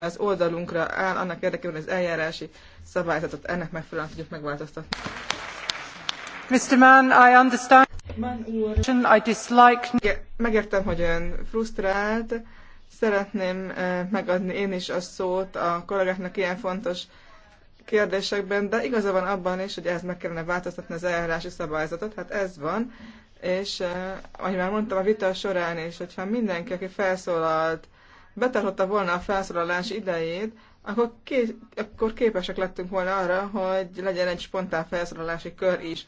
az oldalunkra áll, annak érdekében az eljárási szabályzatot ennek megfelelően tudjuk megváltoztatni. Mr. Mann, I understand. Mann úr, I dislike... Megértem, hogy ön frusztrált. Szeretném eh, megadni én is a szót a kollégáknak ilyen fontos kérdésekben, de igaza van abban is, hogy ez meg kellene változtatni az eljárási szabályzatot. Hát ez van. És eh, ahogy már mondtam a vita során is, hogyha mindenki, aki felszólalt, betartotta volna a felszólalás idejét, akkor, ké- akkor képesek lettünk volna arra, hogy legyen egy spontán felszólalási kör is.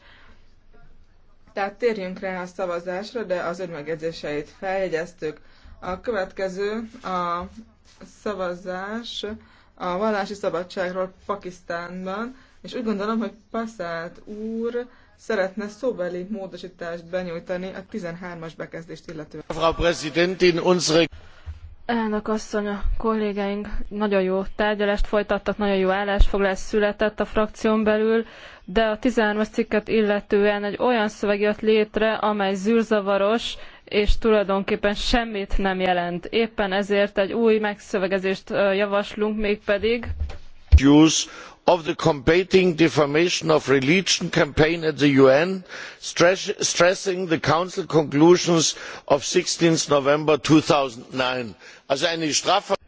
Tehát térjünk rá a szavazásra, de az önmegjegyzéseit feljegyeztük. A következő a szavazás a vallási szabadságról Pakisztánban, és úgy gondolom, hogy Passát úr szeretne szóbeli módosítást benyújtani a 13-as bekezdést illetően. Frau Präsidentin, unsere Elnök asszony, a kollégáink nagyon jó tárgyalást folytattak, nagyon jó állásfoglalás született a frakción belül, de a 13-as cikket illetően egy olyan szöveg jött létre, amely zűrzavaros, és tulajdonképpen semmit nem jelent. Éppen ezért egy új megszövegezést javaslunk, mégpedig use of the combating defamation of religion campaign at the un stressing the council conclusions of sixteen november. two thousand and nine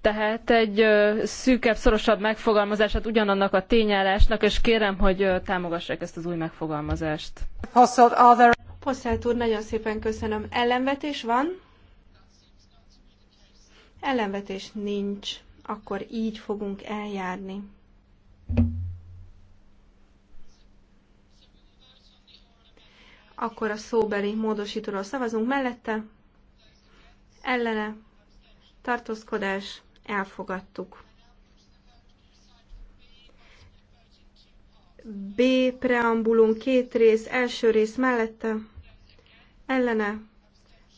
tehát egy szűkebb, szorosabb megfogalmazását ugyanannak a tényállásnak, és kérem, hogy támogassák ezt az új megfogalmazást. Posselt úr, nagyon szépen köszönöm. Ellenvetés van? Ellenvetés nincs akkor így fogunk eljárni. Akkor a szóbeli módosítóról szavazunk mellette, ellene, tartózkodás, elfogadtuk. B preambulum két rész, első rész mellette, ellene,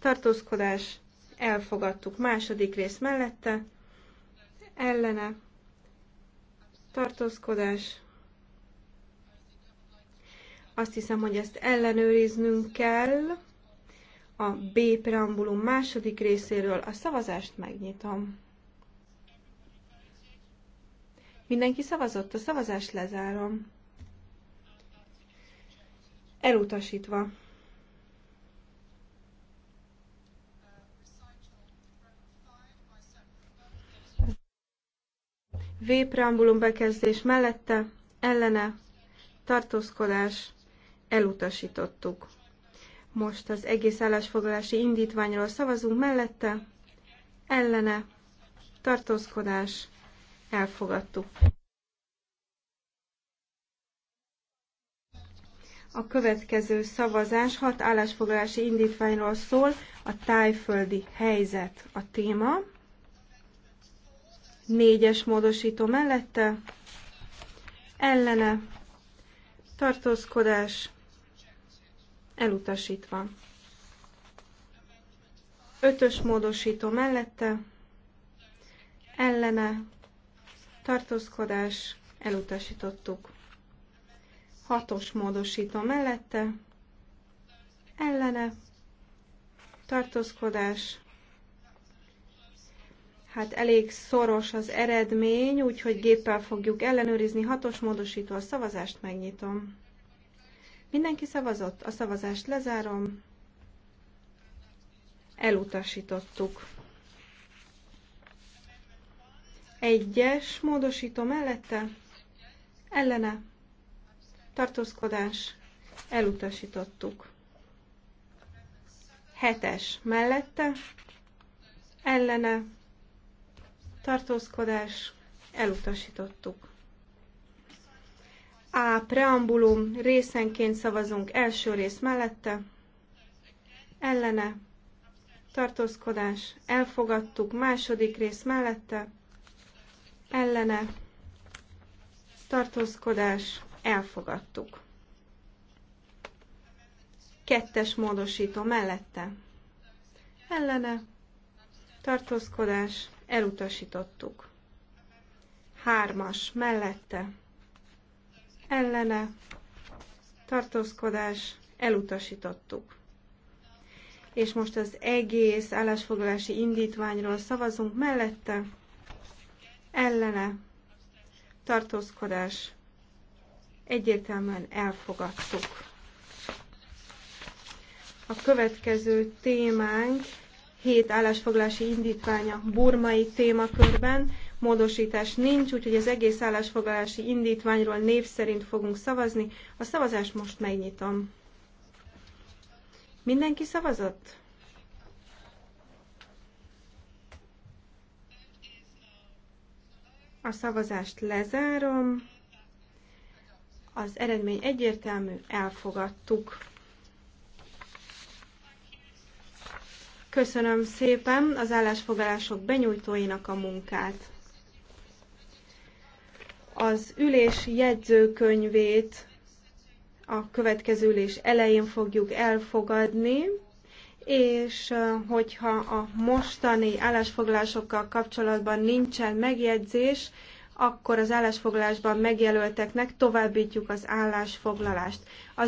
tartózkodás, elfogadtuk második rész mellette, ellene tartózkodás. Azt hiszem, hogy ezt ellenőriznünk kell. A B preambulum második részéről a szavazást megnyitom. Mindenki szavazott, a szavazást lezárom. Elutasítva. V preambulum bekezdés mellette, ellene, tartózkodás, elutasítottuk. Most az egész állásfoglalási indítványról szavazunk mellette, ellene, tartózkodás, elfogadtuk. A következő szavazás hat állásfoglalási indítványról szól, a tájföldi helyzet a téma. Négyes módosító mellette, ellene, tartózkodás, elutasítva. Ötös módosító mellette, ellene, tartózkodás, elutasítottuk. Hatos módosító mellette, ellene, tartózkodás, Hát elég szoros az eredmény, úgyhogy géppel fogjuk ellenőrizni. Hatos módosító a szavazást megnyitom. Mindenki szavazott? A szavazást lezárom. Elutasítottuk. Egyes módosító mellette. Ellene. Tartózkodás. Elutasítottuk. Hetes mellette. Ellene tartózkodás, elutasítottuk. A preambulum részenként szavazunk első rész mellette, ellene, tartózkodás, elfogadtuk második rész mellette, ellene, tartózkodás, elfogadtuk. Kettes módosító mellette, ellene, tartózkodás, elutasítottuk. Hármas mellette ellene tartózkodás elutasítottuk. És most az egész állásfoglalási indítványról szavazunk mellette ellene tartózkodás egyértelműen elfogadtuk. A következő témánk hét állásfoglási indítványa burmai témakörben. Módosítás nincs, úgyhogy az egész állásfoglalási indítványról név szerint fogunk szavazni. A szavazást most megnyitom. Mindenki szavazott? A szavazást lezárom. Az eredmény egyértelmű, elfogadtuk. Köszönöm szépen az állásfoglalások benyújtóinak a munkát. Az ülés jegyzőkönyvét a következő ülés elején fogjuk elfogadni, és hogyha a mostani állásfoglalásokkal kapcsolatban nincsen megjegyzés, akkor az állásfoglalásban megjelölteknek továbbítjuk az állásfoglalást. Az